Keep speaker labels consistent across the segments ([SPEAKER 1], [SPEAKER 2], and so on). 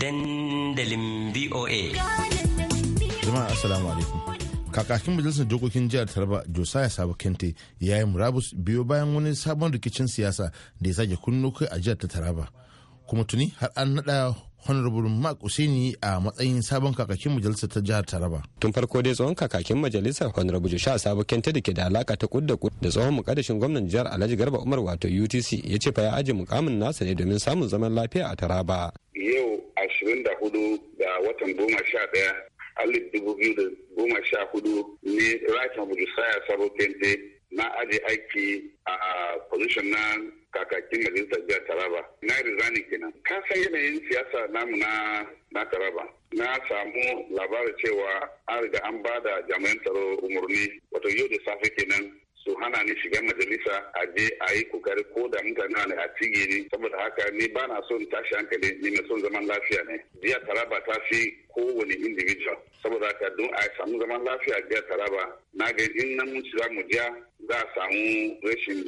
[SPEAKER 1] dandalin VOA. Jama'a Assalamu alaikum. Kakakin majalisar dokokin jihar Taraba Josiah Sabo Kente ya yi murabus biyo bayan wani sabon rikicin siyasa da ya sake kunno kai a jihar Taraba. Kuma tuni har an naɗa honorable mark usaini a matsayin sabon kakakin
[SPEAKER 2] majalisar ta jihar taraba
[SPEAKER 1] tun farko dai tsohon kakakin majalisar honorable Josiah sabo kente da ke da alaka ta kudda da tsohon mukaddashin gwamnan jihar alhaji garba umar wato utc ya ce fa ya aji mukamin nasa ne
[SPEAKER 2] domin samun zaman lafiya a taraba
[SPEAKER 1] yau ashirin da hudu ga watan goma sha daya alif dubu biyu da goma sha hudu ne rakin bujusaya sabo kente na aji aiki a position na kakakin majalisar jihar taraba na rizani kenan ka san yanayin siyasa namu na na taraba na samu labarin cewa an riga an ba da jami'an tsaro umarni wato yau da safe kenan su hana ni shiga majalisa a je a yi kokari ko da mutane ne a cige ni saboda haka ni ba na son tashi hankali ni mai son zaman lafiya ne jiya taraba ta fi kowane individual saboda haka don a samu zaman lafiya jiya taraba na ga in nan mun shiga mu jiya za a samu rashin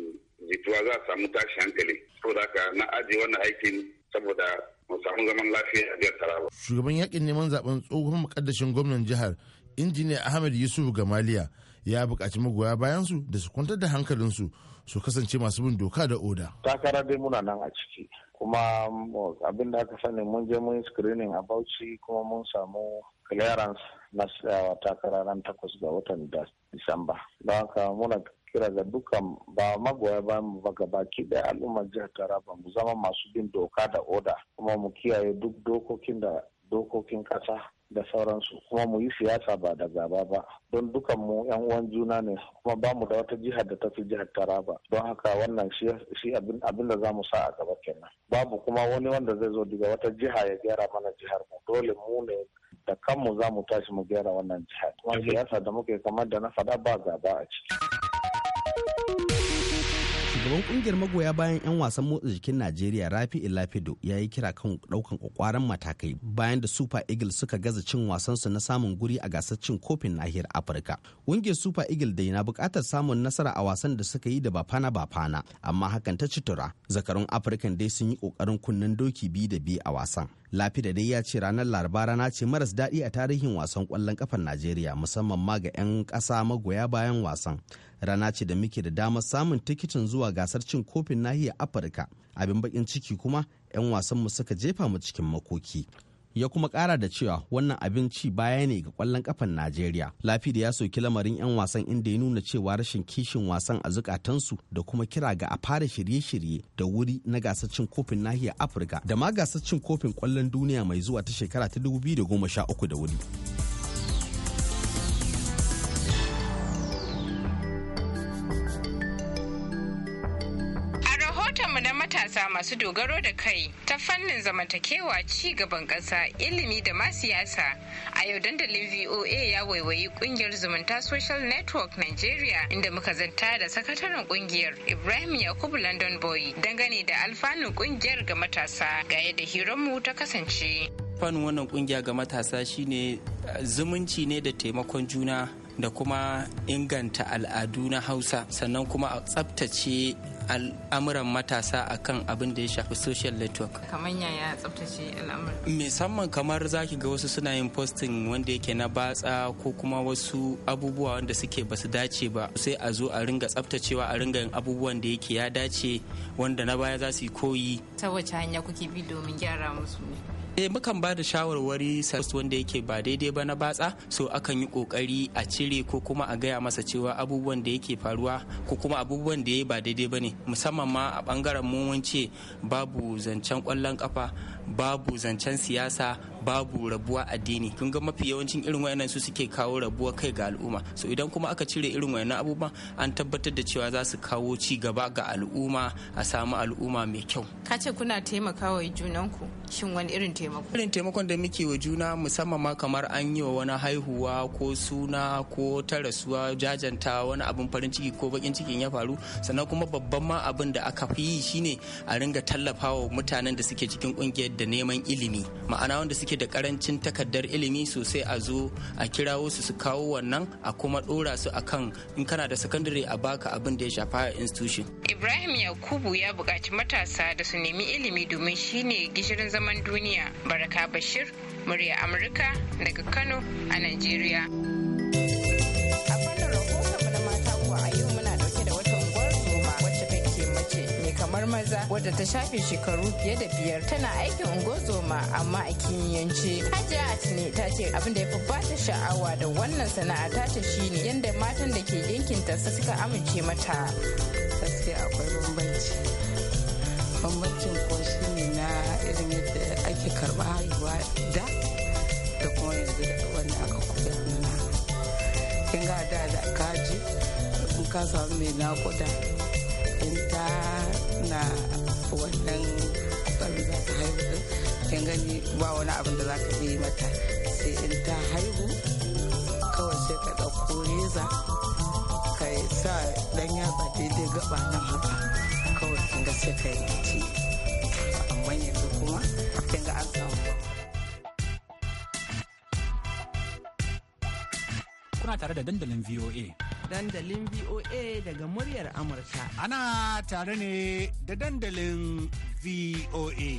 [SPEAKER 1] jituwa za a samu tashi hankali saboda haka na ajiye wannan aikin saboda mu samu zaman lafiya a jihar Taraba. Shugaban yakin neman zaben tsohon mukaddashin gwamnan jihar Injiniya Ahmed Yusuf Gamaliya ya buƙaci magoya bayansu da su kwantar da hankalinsu su kasance masu bin doka da oda.
[SPEAKER 2] Takara dai muna nan a ciki kuma abin da aka sani mun je mun screening a Bauchi kuma mun samu clearance na tsayawa takara ran takwas ga watan Disamba. Don haka muna kira ga dukkan ba magoya ba mu ba baki da al'ummar jihar Taraba mu zama masu bin doka da oda kuma mu kiyaye duk dokokin da dokokin kasa da sauransu kuma mu yi siyasa ba da gaba ba don dukan mu yan uwan juna ne kuma ba mu da wata jihar da ta fi jihar taraba don haka wannan shi abin da za mu sa a gaba kenan babu kuma wani wanda zai zo daga wata jiha ya gyara mana jihar mu dole mu ne da kanmu za mu tashi mu gyara wannan jihar kuma siyasa da muke kamar da na faɗa ba gaba a ciki. shugaban kungiyar magoya bayan 'yan wasan motsa jikin najeriya rafi lafido ya yi kira kan daukan kwakwaran matakai bayan da super eagles suka gaza cin wasansu na samun guri a gasar cin kofin nahiyar afirka kungiyar super eagles dai na buƙatar samun nasara a wasan da suka yi da bafana bafana amma hakan ta ci tura zakarun afirkan dai sun yi kokarin kunnen doki biyu da biyu a wasan Lafida dai ya ce ranar Laraba rana ce maras daɗi a tarihin wasan ƙwallon ƙafar Najeriya musamman ma ga 'yan ƙasa magoya bayan wasan. Rana ce da muke da damar samun tikitin zuwa gasar cin kofin nahiyar Afirka. Abin bakin ciki kuma 'yan wasanmu suka jefa mu cikin makoki. ya kuma kara da cewa wannan abinci baya ne ga kwallon kafan najeriya lafiya ya soki lamarin 'yan wasan inda ya nuna cewa rashin kishin wasan a zukatansu da kuma kira ga a fara shirye-shirye da wuri na gasar kofin nahiyar afirka da ma gasar cin kofin kwallon duniya mai zuwa ta shekara ta 2013 da wuri.
[SPEAKER 3] masu dogaro da kai ta fannin zamantakewa ci gaban ƙasa ilimi da ma siyasa a yau dandalin voa ya waiwayi kungiyar zumunta social network nigeria inda muka zanta da sakataren kungiyar ibrahim yakubu london boy dangane da alfanun kungiyar ga matasa ga yadda hiranmu ta kasance
[SPEAKER 1] alfanun wannan kungiya ga matasa shine eh, zumunci ne da taimakon juna da kuma inganta al'adu na hausa sannan kuma a tsabtace al'amuran matasa a kan abin da ya shafi social network
[SPEAKER 3] kamar yaya tsabtace al'amuran
[SPEAKER 1] musamman kamar zaki ga wasu suna yin posting wanda yake na batsa ko kuma wasu abubuwa wanda suke basu dace ba sai a zo a ringa tsabtacewa a ringa yin abubuwan da yake ya dace wanda na baya za su yi koyi ta wace
[SPEAKER 3] hanya kuke bi domin gyara musu
[SPEAKER 1] eh mukan ba da shawarwari wanda yake ba daidai ba na batsa so akan yi kokari a cire ko kuma a gaya masa cewa abubuwan da yake faruwa ko kuma abubuwan da ya yi ba daidai ba ne musamman ma a bangaren mu wance babu zancen kwallon kafa babu zancen siyasa babu rabuwa addini kun ga mafi yawancin irin wayannan su suke kawo rabuwa kai ga al'umma so idan kuma aka cire irin wayannan abubuwa an tabbatar da cewa za su kawo ci gaba ga al'umma a samu al'umma mai kyau ka ce kuna taimakawa junanku shin wani irin taimako irin taimakon da muke wa juna musamman ma kamar an yi wa wani haihuwa ko suna ko ta rasuwa jajanta wani abin farin ciki ko bakin cikin ya faru sannan kuma babban ma abin da aka fi yi shine a ringa tallafawa mutanen da suke cikin kungiyar Yadda da neman ilimi ma'ana wanda suke da karancin takardar ilimi sosai a zo a kirawo su su kawo wannan a kuma dora su akan in kana da sakandare a baka abin da ya shafa a institution
[SPEAKER 3] ibrahim yakubu ya buƙaci matasa da su nemi ilimi domin shine gishirin zaman duniya baraka bashir murya amurka daga kano a najeriya tabar maza wadda ta shafe shekaru fiye da biyar tana aikin ungozoma amma a kimiyyance hajiya atine ta ce abin da ya fi bata sha'awa da wannan sana'a ta ta shine yadda matan da ke yankin yankinta suka amince
[SPEAKER 1] mata gaskiya akwai bambanci bambancin ko shine na irin yadda ake karba haihuwa da da kuma yanzu da wanda aka koya nuna kin ga da da kaji in ka samu mai nakuda in ta na wannan abin za ta haihu din kin gani ba wani abin da za ka yi mata sai in ta haihu kawai sai ka ɗauko reza ka sa ɗan yatsa daidai gaba nan haka kawai kin ga sai ka yi ci amma yanzu kuma kin ga an samu kuna tare da dandalin VOA. dandalin VOA daga muryar Amurka. Ana tare ne da dandalin VOA.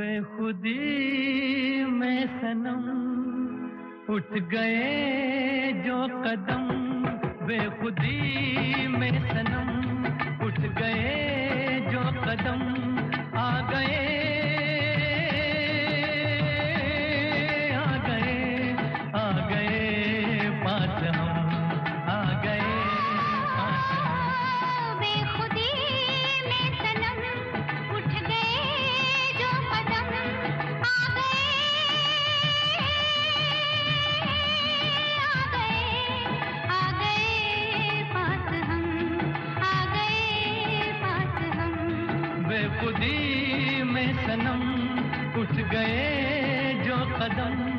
[SPEAKER 4] बेखुदी में सनम उठ गए जो कदम बेखुदी में सनम उठ गए जो कदम आ गए उठ गए जो कदम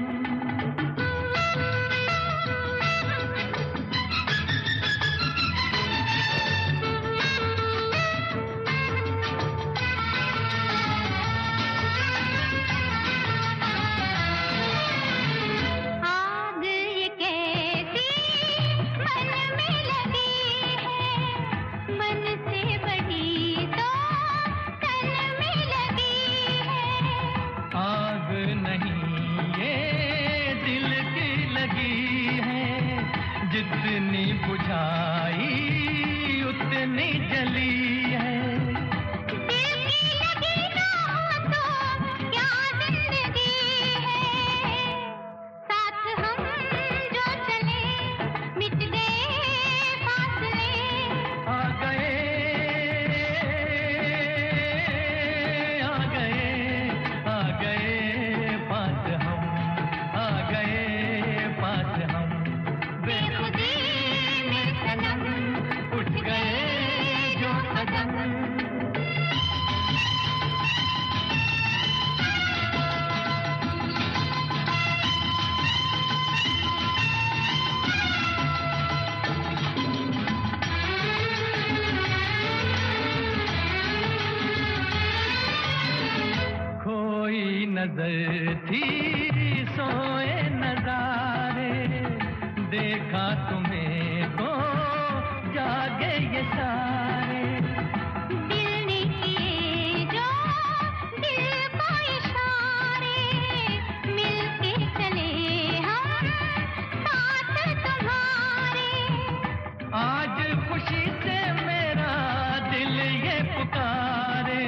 [SPEAKER 4] पुकारे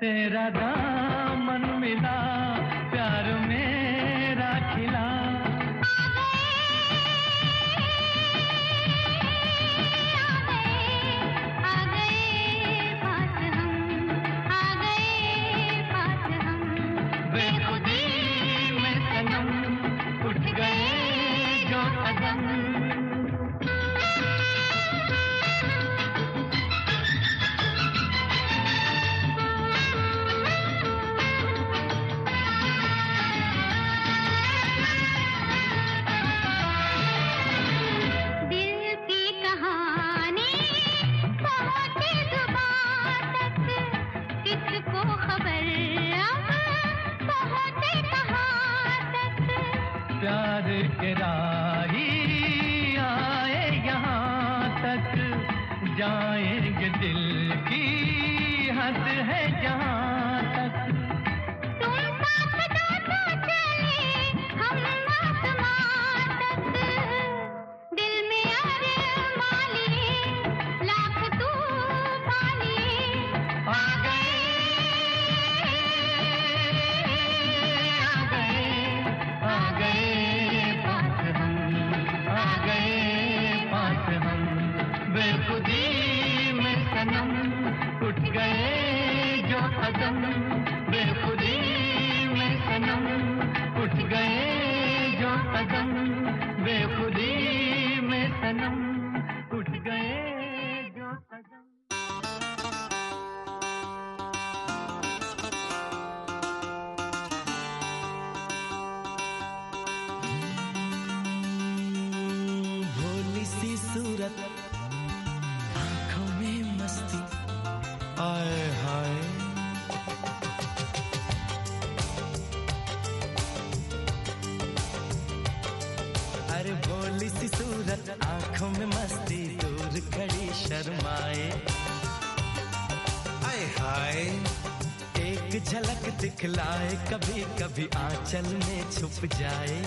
[SPEAKER 4] तेरा दाम प्यार के राही आए यहाँ तक जान झलक दिखलाए कभी कभी आंचल में छुप जाए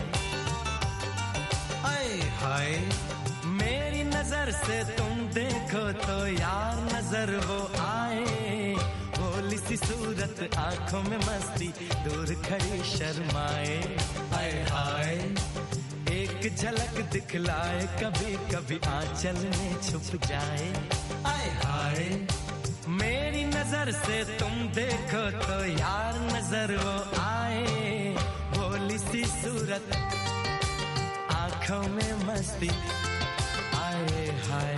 [SPEAKER 4] आए हाय मेरी नजर से तुम देखो तो यार नजर वो आए बोली सी सूरत आंखों में मस्ती दूर खड़ी शर्माए आए हाय एक झलक दिखलाए कभी कभी आंचल में छुप जाए आए हाय नजर से तुम देखो तो यार नजर वो आए भोली सी सूरत आंखों में मस्ती आए हाय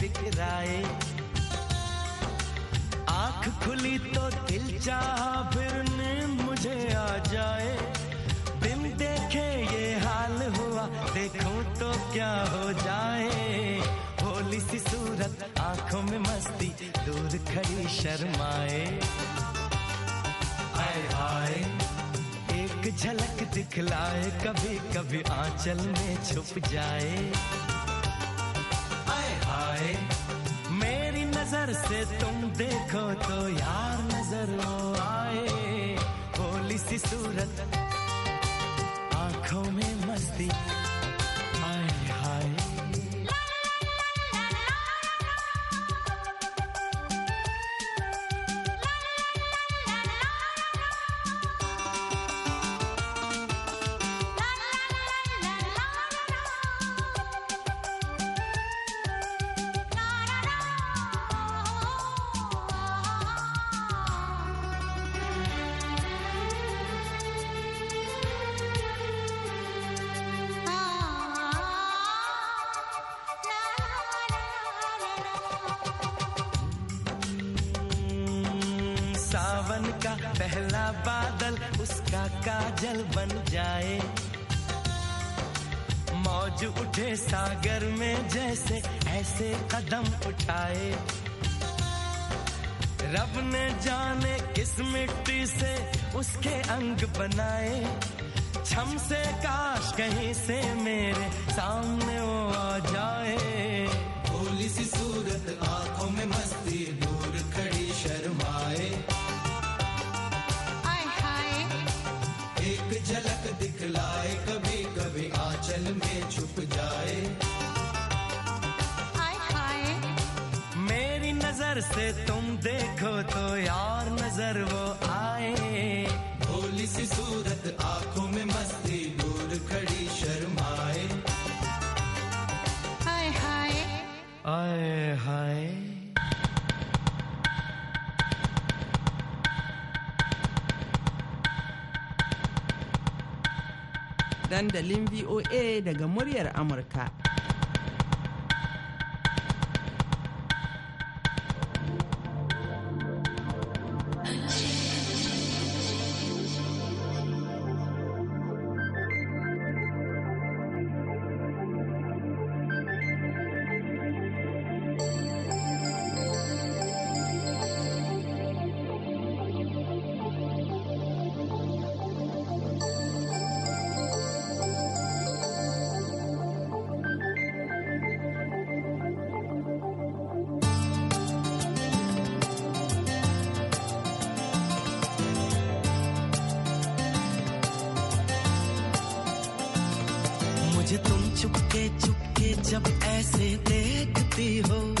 [SPEAKER 4] बिखराए आंख खुली तो दिल चाह फिर नींद मुझे आ जाए बिन देखे ये हाल हुआ देखो तो क्या हो जाए होली सी सूरत आंखों में मस्ती दूर खड़ी शर्माए आए आए एक झलक दिखलाए कभी कभी आंचल में छुप जाए मेरी नजर से तुम देखो तो यार नजर आए भोली सी सूरत आंखों में मस्ती काजल बन जाए मौज उठे सागर में जैसे ऐसे कदम उठाए रब ने जाने किस मिट्टी से उसके अंग बनाए छम से काश कहीं से मेरे सामने वो एक झलक दिखलाए कभी कभी आंचल में छुप जाए आए, आए। मेरी नजर से तुम देखो तो यार नजर वो आए भोली सी सूरत
[SPEAKER 1] dandalin VOA daga muryar Amurka.
[SPEAKER 4] Oh.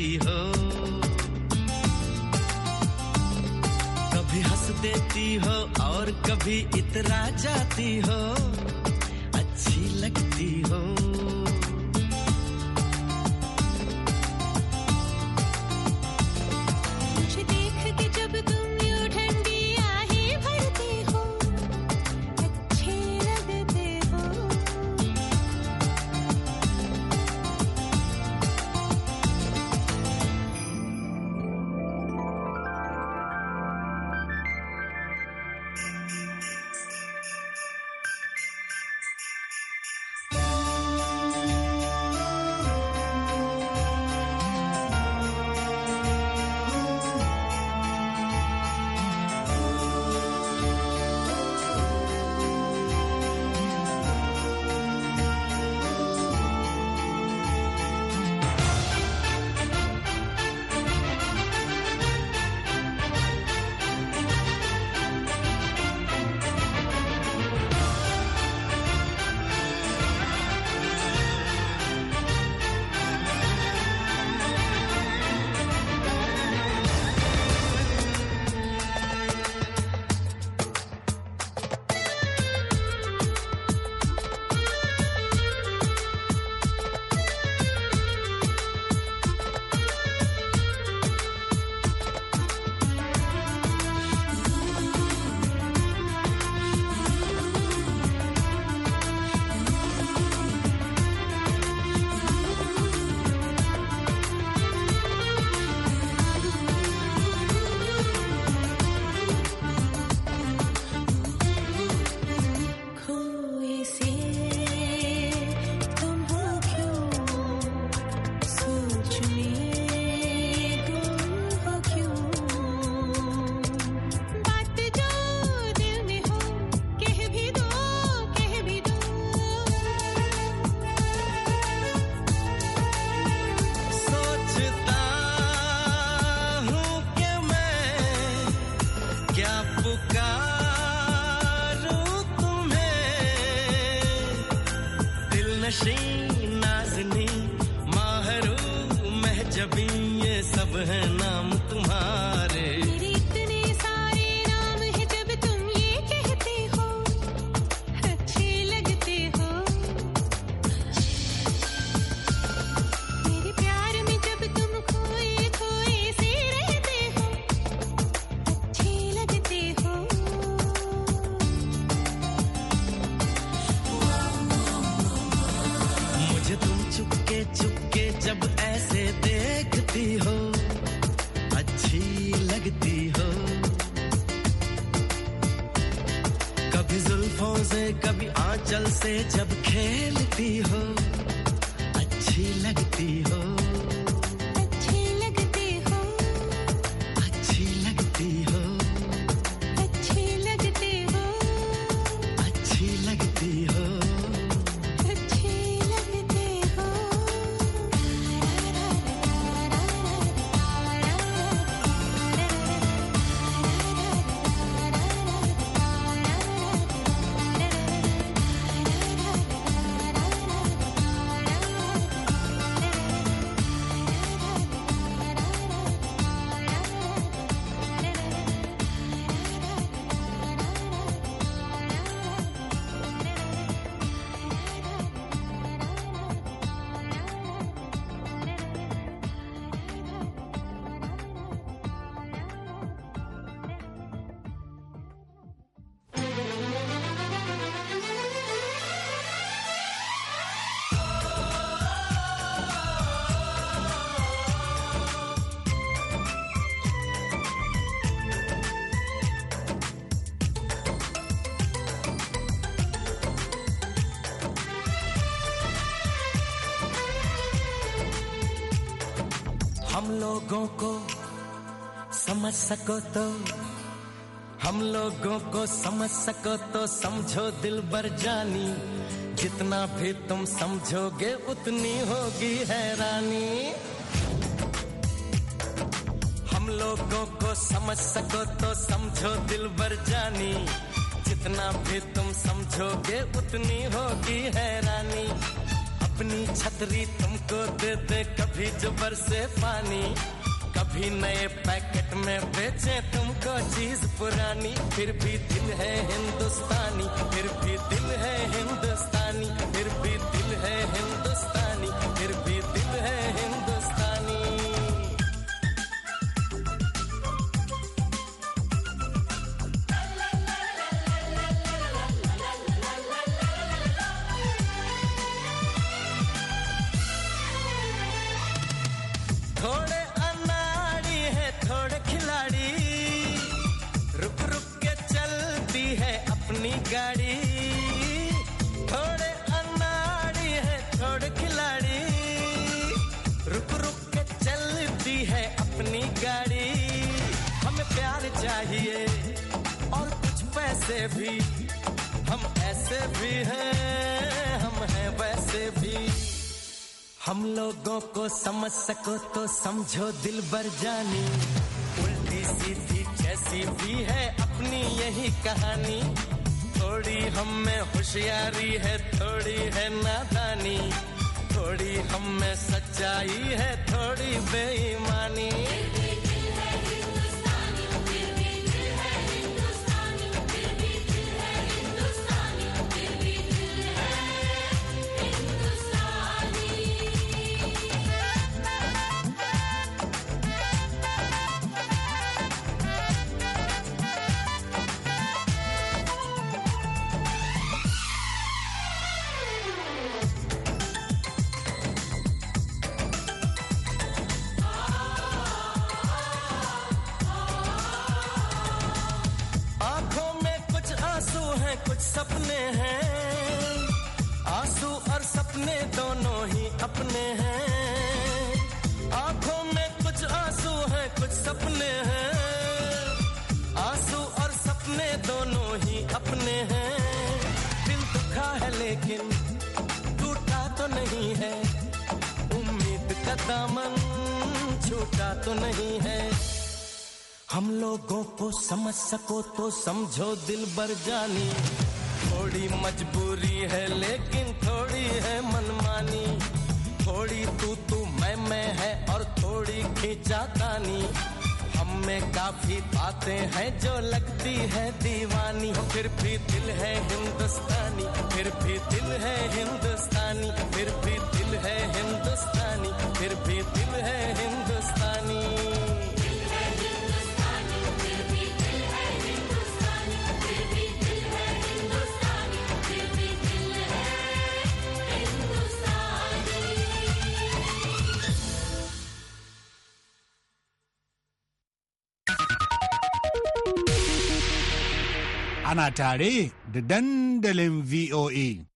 [SPEAKER 4] देती हो कभी हंस देती हो और कभी इतरा जाती हो अच्छी लगती हो लोगों को समझ सको तो हम लोगों को समझ सको तो समझो दिल बर जानी जितना भी तुम समझोगे उतनी होगी हैरानी हम लोगों को समझ सको तो समझो दिल बर जानी जितना भी तुम समझोगे उतनी होगी हैरानी अपनी छतरी तुमको दे दे कभी जबर से पानी कभी नए पैकेट में बेचे तुमको चीज पुरानी फिर भी दिल है हिंदुस्तानी फिर भी दिल है हिंदुस्तानी भी हम ऐसे भी हैं हम हैं वैसे भी हम लोगों को समझ सको तो समझो दिल भर जानी उल्टी सीधी जैसी भी है अपनी यही कहानी थोड़ी हम में होशियारी है थोड़ी है नादानी थोड़ी हम में सच्चाई है थोड़ी बेईमानी हैं आंसू और सपने दोनों ही अपने हैं आंखों में कुछ आंसू हैं कुछ सपने हैं आंसू और सपने दोनों ही अपने हैं दिल दुखा है लेकिन टूटा तो नहीं है उम्मीद का दामन छूटा तो नहीं है हम लोगों को समझ सको तो समझो दिल बर जानी थोड़ी मजबूरी है लेकिन थोड़ी है मनमानी थोड़ी तू तू मैं मैं है और थोड़ी खींचा तानी हम में काफी बातें हैं जो लगती है दीवानी फिर भी दिल है हिंदुस्तानी फिर भी दिल है हिंदुस्तानी फिर भी दिल है हिंदुस्तानी फिर भी दिल है हिंदुस्तानी
[SPEAKER 1] ana tare da dandalin VOA.